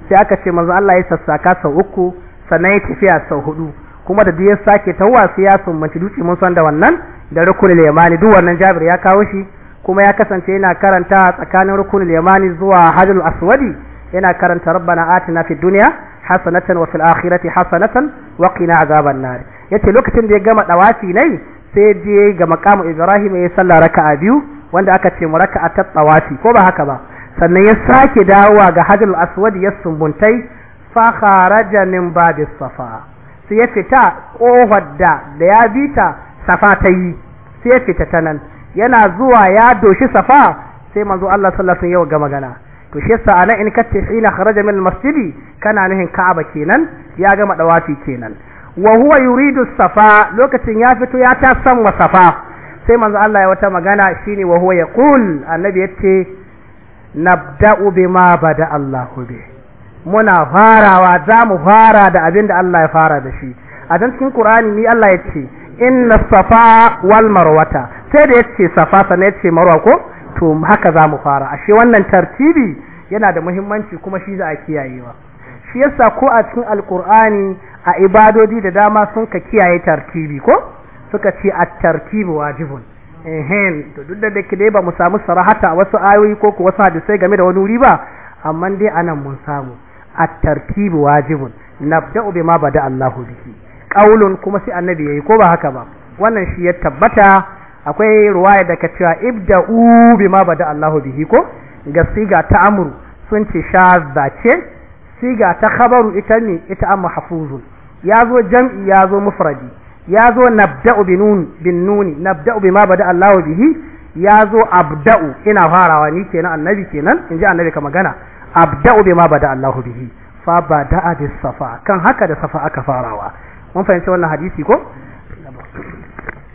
sai aka ce manzo Allah ya sassaka sau uku sannan ya tafiya sau hudu kuma da ya sake tawwa sai ya sumbaci dutse mun san da wannan da rukunul yamani duk wannan Jabir ya kawo shi kuma ya kasance yana karanta tsakanin rukunul yamani zuwa hajjul aswadi yana karanta rabbana atina fid dunya hasanatan wa fil akhirati hasanatan wa qina azaban nar yace lokacin da ya gama dawafi ne sai je ga maqamu ibrahim ya salla raka'a biyu wanda aka ce a ta tawafi ko ba haka ba sannan ya sake dawowa ga hajjul aswadi ya sumbuntai fa kharaja min babis safa sai ya fita ƙofar da da ya bi ta safa ta yi sai ya fita ta nan yana zuwa ya doshi safa sai manzo Allah sallallahu alaihi wasallam ya magana to shi yasa ana in kace hina kharaja min masjidi kana nuhin Ka'aba kenan ya gama dawafi kenan wa yuridu safa lokacin ya fito ya ta san wa safa sai manzo Allah ya wata magana shine wa huwa yaqul annabi yace nabda'u bima bada Allahu bihi muna farawa za mu fara da abin da Allah ya fara da shi a dan cikin kur'ani ni Allah ya ce inna safa wal marwata sai da yace safa ya yace marwa ko to haka za mu fara ashe wannan tartibi yana da muhimmanci kuma shi za a kiyayewa shi yasa ko a cikin alkur'ani a ibadodi da dama sun ka kiyaye tartibi ko suka ce a tartibi wajibun ehem to duk da dake dai ba mu samu sarahata a wasu ayoyi ko ko wasu hadisai game da wani wuri ba amma dai anan mun samu at-tartib wajibun nabda'u bima bada Allahu bihi qaulun kuma sai annabi yayi ko ba haka ba wannan shi ya tabbata akwai riwaya da ka cewa ibda'u bima bada Allahu bihi ko ga siga ta amru sun ce shazace ce siga ta khabaru ita ne ita amma hafuzun yazo jam'i yazo mufradi yazo nabda'u nun bin nuni nabda'u bima bada Allahu bihi yazo abda'u ina farawa ni kenan annabi kenan inji annabi ka magana abda'u bima bada Allah bihi fa bada'a bis safa kan haka da safa aka farawa mun fahimci wannan hadisi ko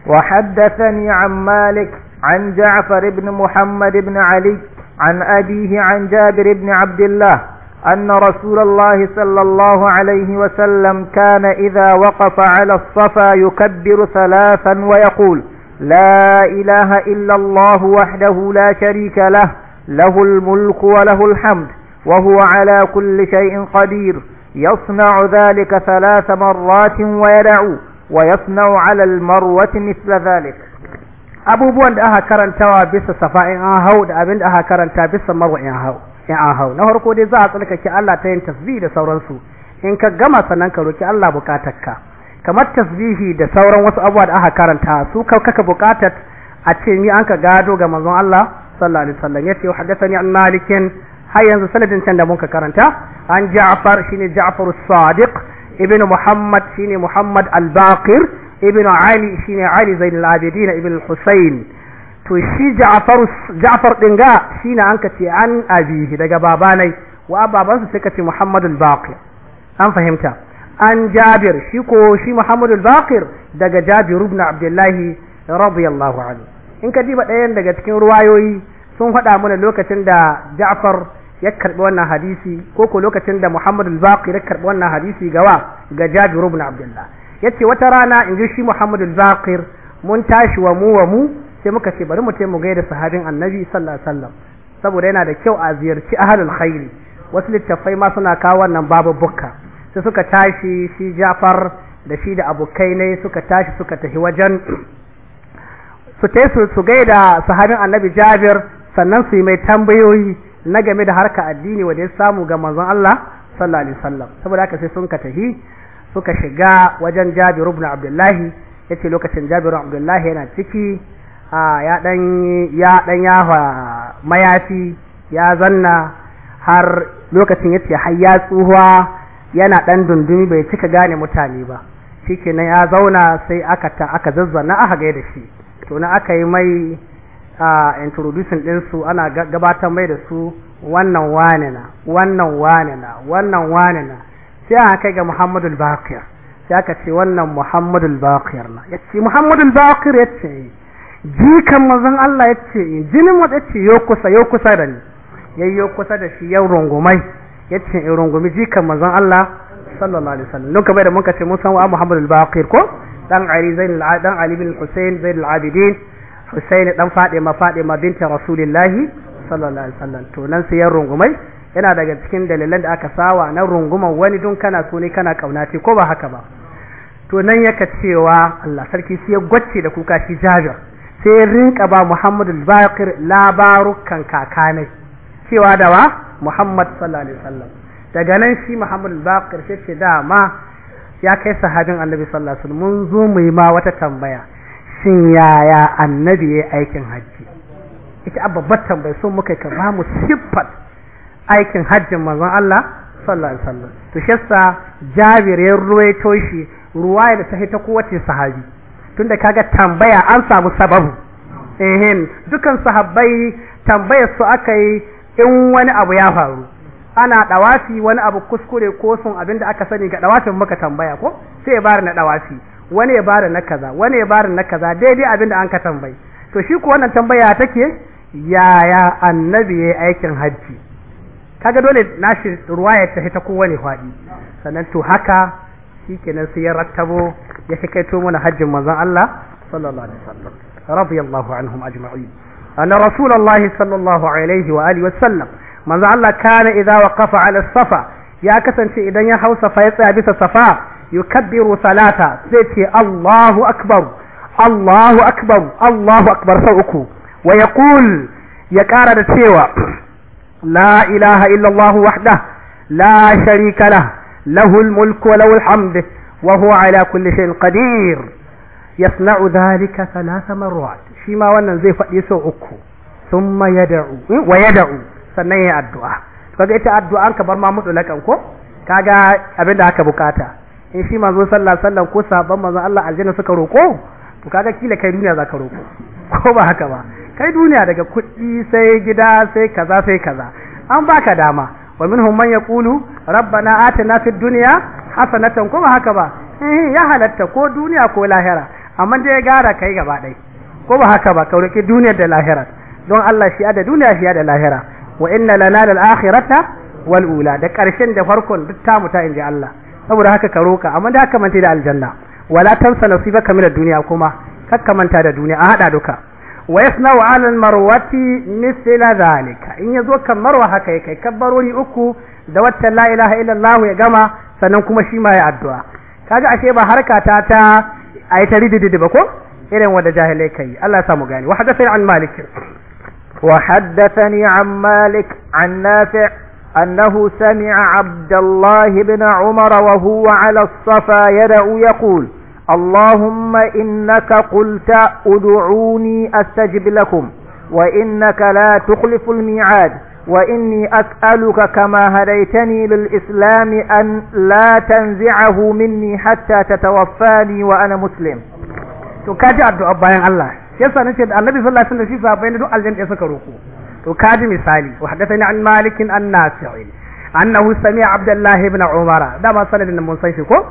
wa haddathani an malik an ja'far ibn muhammad ibn ali an abihi an jabir ibn abdullah أن رسول الله صلى الله عليه وسلم كان إذا وقف على الصفا يكبر ثلاثا ويقول لا إله إلا الله وحده لا شريك له له الملك وله الحمد وهو على كل شيء قدير يصنع ذلك ثلاث مرات ويدع ويصنع على المروة مثل ذلك abubuwan da aka karantawa bisa safa in an hau da abin da aka karanta bisa marwa in hau in an hau na farko dai za a tsarkake Allah ta yin tasbihi da sauransu in ka gama sannan ka roki Allah bukatarka kamar tasbihi da sauran wasu abubuwa da aka karanta su ka kaka bukatar a ce ni an ka gado ga manzon Allah sallallahu alaihi wasallam yace hadathani an malikin har yanzu sanadin can da mun ka karanta an Ja'far shine Ja'far as-Sadiq ibn Muhammad shine Muhammad al-Baqir ibn Ali shine Ali Zain al-Abidin ibn al-Husayn to shi Ja'far Ja'far din ga shine an kace an abihi daga babanai wa babansa sai kace Muhammad al-Baqir an fahimta an Jabir shi ko shi Muhammad al-Baqir daga Jabir ibn abdullahi radiyallahu anhu in ka diba ɗayan daga cikin ruwayoyi sun faɗa mana lokacin da Ja'far ya karbi wannan hadisi ko ko lokacin da Muhammad al-Baqir ya karbi wannan hadisi gawa ga Jabir ibn Abdullah yace wata rana in ji shi Muhammad al-Baqir mun tashi wa mu wa mu sai muka ce bari mu ce mu gaida sahabin Annabi sallallahu alaihi wasallam saboda yana da kyau a ziyarci ahlul khairi wasu littafai ma suna kawo wannan babu bukka sai suka tashi shi Jafar da shi da abokai ne suka tashi suka tafi wajen su tai su gaida sahabin Annabi Jabir sannan su yi mai tambayoyi na game da harka addini wanda ya samu ga manzon Allah sallallahu alaihi wasallam saboda haka sai sun ka tahi suka shiga wajen Jabir ibn Abdullahi yace lokacin Jabir ibn Abdullahi yana ciki a ya dan ya dan yawa mayafi ya zanna har lokacin yace har ya tsuwa yana dan dundumi bai cika gane mutane ba shikenan ya zauna sai aka ta aka zazzana aka gaida shi to na aka yi mai a introducing ɗinsu ana gabatar mai da su wannan wane na wannan wane na wannan wane na sai aka kai ga muhammadul baqir sai aka ce wannan muhammadul baqir na ya ce muhammadul baqir ya ce jikan mazan allah ya ce jinin wata ce yau kusa yau kusa da ni ya yi kusa da shi yau rungumai ya ce in rungumi jikan mazan allah sallallahu alaihi wasallam don bai da ka ce mun san wa muhammadul baqir ko dan ali zain al-Adan ali bin Hussein zain al-abidin Husaini dan Fadima ma binta Rasulillahi sallallahu alaihi wasallam to nan sai yan rungumai yana daga cikin dalilan da aka sawa na runguman wani dun kana so ne kana kaunati ko ba haka ba to nan yaka cewa Allah sarki sai ya gwacce da kuka shi Jabir sai ya rinka ba Muhammadu al-Baqir labarukan kakanai cewa da wa Muhammad sallallahu alaihi wasallam daga nan shi Muhammadu baqir sai ce dama ya kai sahabin Annabi sallallahu alaihi wasallam mun zo mu yi ma wata tambaya shin yaya annabi ya aikin hajji ita abba babbar tambayi sun muka ka ba mu siffar aikin hajjin manzon Allah sallallahu alaihi wasallam to shessa Jabir ya ruwaito shi ruwaya da ta ta kowace sahabi tunda kaga tambaya an samu sababu ehem dukan sahabbai tambayar su aka yi in wani abu ya faru ana dawafi wani abu kuskure ko sun abinda aka sani ga dawafin muka tambaya ko sai ya bar na dawafi wani ya bada na kaza wani ya bada na kaza daidai abin da an ka tambayi to shi ko wannan tambaya take yaya annabi ya aikin hajji kaga dole na shi ruwaya ta ta kowane faɗi sannan to haka shikenan sai ya rattabo ya kai shikaito mana hajjin manzon Allah sallallahu alaihi wasallam radiyallahu anhum ajma'in anna rasulullahi sallallahu alaihi wa alihi wasallam manzon Allah kana idza waqafa ala safa ya kasance idan ya hausa fa ya tsaya bisa safa يكبر ثلاثة سيتي الله أكبر الله أكبر الله أكبر سوءك ويقول يكارد سيوى لا إله إلا الله وحده لا شريك له له الملك ولو الحمد وهو على كل شيء قدير يصنع ذلك ثلاث مرات شما وانا زي سوءك ثم يدعو ويدعو سنية الدعاء فقالت الدعاء كبر ما مدعو لك أنكو كاقا أبدا كبكاتا in shi ma zo sallah, sallah ko sahabban manzo Allah aljanna suka roko to kaga kila kai duniya zaka roko ko ba haka ba kai duniya daga kuɗi sai gida sai kaza sai kaza an baka dama wa minhum man yaqulu rabbana atina fid dunya hasanatan ko ba haka ba eh ya halatta ko duniya ko lahira amma dai ya gara kai gaba dai ko ba haka ba ka roki duniya da lahira don Allah shi da duniya shi da lahira wa inna lana lal akhirata wal ula da karshen da farkon duk tamu ta inji Allah saboda haka ka roka amma da haka manta da aljanna wala tansa nasibaka min ad-dunya kuma kakka manta da duniya a hada duka wa yasna'u 'ala al-marwati mithla dhalika in yazo kan marwa haka yake kabbarori uku da wata la ilaha illallah ya gama sannan kuma shi ma ya addu'a kaga ashe ba harka ta ta ta rididi ba ko irin wanda jahilai kai Allah ya samu gani wa hadathani an malik wa hadathani an malik an nafi' أنه سمع عبد الله بن عمر وهو على الصفا يدعو يقول اللهم إنك قلت أدعوني أستجب لكم وإنك لا تخلف الميعاد وإني أسألك كما هديتني للإسلام أن لا تنزعه مني حتى تتوفاني وأنا مسلم تكاجع الدعاء الله bayan Allah النبي صلى الله عليه وسلم في alaihi دعاء الجنة sahabbai to kaji misali wa hadathani an malik an nafi' annahu sami'a abdullah ibn umar da ma sanadin mun san shi ko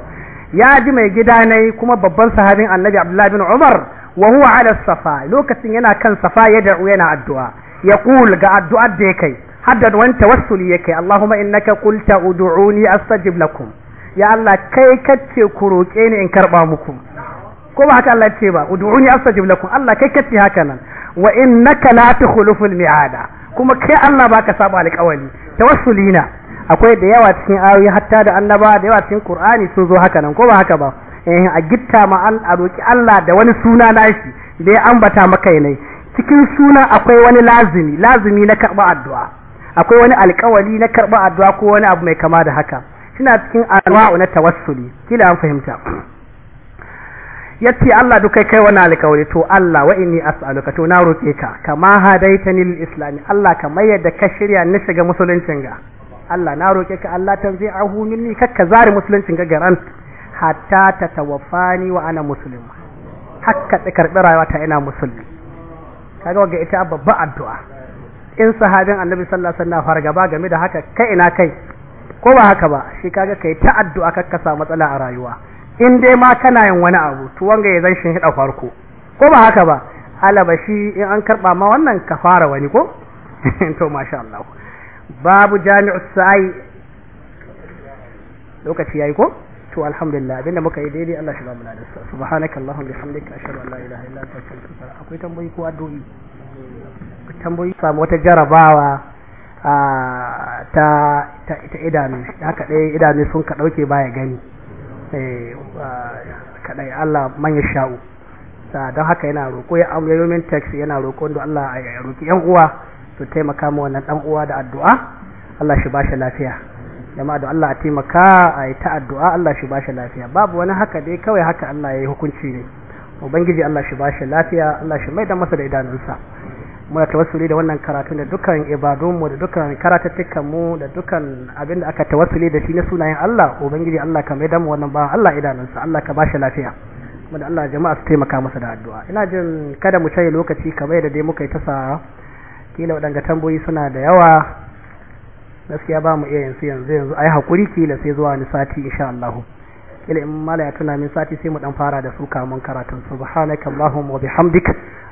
ya ji mai gida ne kuma babban sahabin annabi abdullah ibn umar wa huwa ala safa lokacin yana kan safa ya da'u yana addu'a yaqul ga addu'ar da yake haddad wan tawassuli yake allahumma innaka qulta ud'uni astajib lakum ya allah kai kace ku roke ni in karba muku ko ba haka Allah ce ba ud'uni astajib lakum Allah kai kace haka nan wa innaka la tukhluful mi'ada kuma kai Allah baka saba alƙawari na akwai da yawa cikin ayoyi hatta da annaba da yawa cikin Qur'ani sun zo haka nan ko ba haka ba eh a gitta ma an a roki Allah da wani suna nashi da ya ambata maka ne cikin suna akwai wani lazimi lazimi na karba addu'a akwai wani alƙawari na karba addu'a ko wani abu mai kama da haka kina cikin anwa'u na tawassuli kila an fahimta yace Allah duk kai kai wani alƙawari to Allah wa inni as'aluka to na roƙe ka kama hadaitani lil islam Allah kamar yadda ka shirya ni shiga musuluncin ga Allah na roƙe ka Allah ahu minni kakka zari musuluncin ga garan hatta tawafani wa ana muslima hakka karɓi rayuwa ta ina musulmi kaga wagga ita babba addu'a in sahabin annabi sallallahu alaihi wasallam fargaba game da haka kai ina kai ko ba haka ba shi kaga kai ta addu'a kakka sa matsala a rayuwa in dai ma kana yin wani abu to wanga ya zan hida farko ko ba haka ba alaba shi in an karba ma wannan ka fara wani ko to masha Allah babu jami'u sa'i lokaci yayi ko to alhamdulillah abinda muka yi daidai Allah shi ba mu ladarsa subhanakallahumma bihamdika ashhadu an la ilaha illa anta astaghfiruka akwai tambayi ko addu'i tambayi samu wata jarabawa ah, ta ta idanu haka dai idanu sun ka ɗauke baya gani Eh, kadai Allah man ya sha'u don haka yana roƙo ya auri yomin tax yana roƙon da Allah ya roƙi yan uwa su taimaka ma wannan dan uwa da addu'a Allah shi bashi lafiya jama'a da Allah a taimaka a yi ta addu'a Allah shi bashi lafiya babu wani haka dai kawai haka Allah ya yi hukunci ne ubangiji Allah shi bashi lafiya Allah shi mai da masa da idanunsa muna tawassuli da wannan karatun da dukkan ibadunmu da dukkan karatattukanmu da dukkan abin da aka tawassuli da shi na sunayen Allah ubangiji Allah ka mai damu wannan ba Allah idanunsa Allah ka bashi lafiya kuma da Allah jama'a su taimaka masa da addu'a ina jin kada mu cire lokaci kamar da dai muka yi ta sa kila wadanga tamboyi suna da yawa gaskiya ba mu iya yanzu yanzu yanzu ai hakuri kila sai zuwa ni sati insha Allah kila in mala ya tuna min sati sai mu dan fara da su kamun karatun subhanakallahumma wa bihamdika